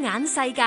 眼世界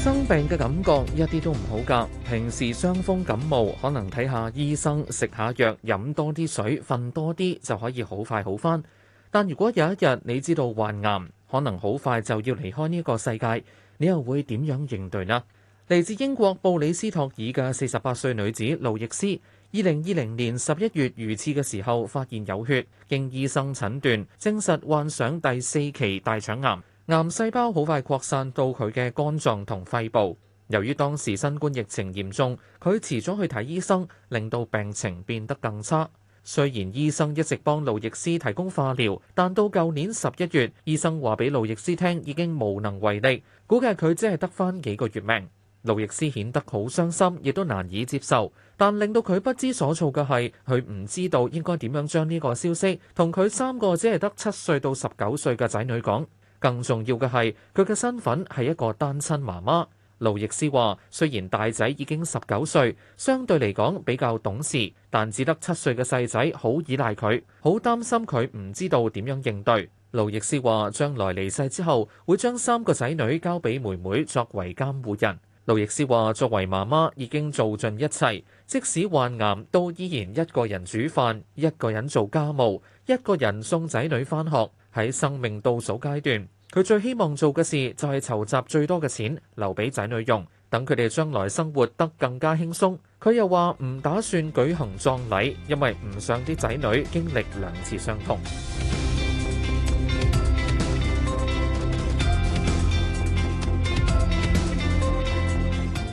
生病嘅感覺一啲都唔好㗎。平時傷風感冒，可能睇下醫生，食下藥，飲多啲水，瞓多啲就可以好快好返。但如果有一日你知道患癌，可能好快就要離開呢個世界，你又會點樣應對呢？嚟自英國布里斯托爾嘅四十八歲女子路易斯。二零二零年十一月，如廁嘅時候發現有血，經醫生診斷證實患上第四期大腸癌，癌細胞好快擴散到佢嘅肝臟同肺部。由於當時新冠疫情嚴重，佢遲咗去睇醫生，令到病情變得更差。雖然醫生一直幫路易斯提供化療，但到舊年十一月，醫生話俾路易斯聽已經無能為力，估計佢只係得翻幾個月命。路易斯顯得好傷心，亦都難以接受。但令到佢不知所措嘅係，佢唔知道應該點樣將呢個消息同佢三個只係得七歲到十九歲嘅仔女講。更重要嘅係，佢嘅身份係一個單親媽媽。路易斯話：雖然大仔已經十九歲，相對嚟講比較懂事，但只得七歲嘅細仔好依賴佢，好擔心佢唔知道點樣應對。路易斯話：將來離世之後，會將三個仔女交俾妹妹作為監護人。路易斯話，作為媽媽，已經做盡一切，即使患癌都依然一個人煮飯，一個人做家務，一個人送仔女返學。喺生命倒數階段，佢最希望做嘅事就係籌集最多嘅錢留俾仔女用，等佢哋將來生活得更加輕鬆。佢又話唔打算舉行葬禮，因為唔想啲仔女經歷兩次傷痛。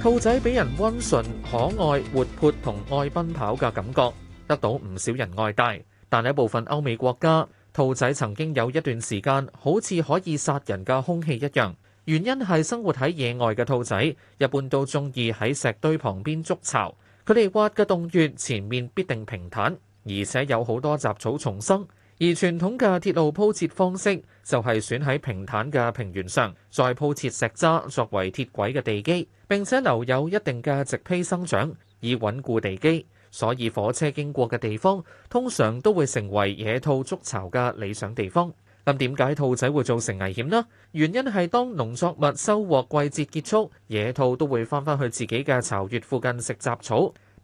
兔仔俾人温順、可愛、活潑同愛奔跑嘅感覺，得到唔少人愛戴。但喺部分歐美國家，兔仔曾經有一段時間好似可以殺人嘅兇器一樣。原因係生活喺野外嘅兔仔，一般都中意喺石堆旁邊築巢，佢哋挖嘅洞穴前面必定平坦，而且有好多雜草叢生。而傳統嘅鐵路鋪設方式就係選喺平坦嘅平原上，再鋪設石渣作為鐵軌嘅地基，並且留有一定嘅植被生長以穩固地基。所以火車經過嘅地方通常都會成為野兔築巢嘅理想地方。咁點解兔仔會造成危險呢？原因係當農作物收穫季節結束，野兔都會翻返去自己嘅巢穴附近食雜草。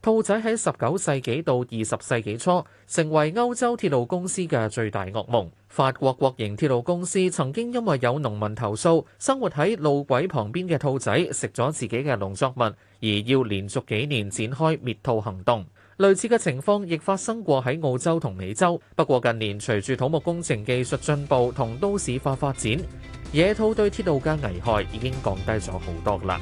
兔仔喺十九世紀到二十世紀初，成為歐洲鐵路公司嘅最大噩夢。法國國營鐵路公司曾經因為有農民投訴，生活喺路軌旁邊嘅兔仔食咗自己嘅農作物，而要連續幾年展開滅兔行動。類似嘅情況亦發生過喺澳洲同美洲。不過近年隨住土木工程技術進步同都市化發展，野兔對鐵路嘅危害已經降低咗好多啦。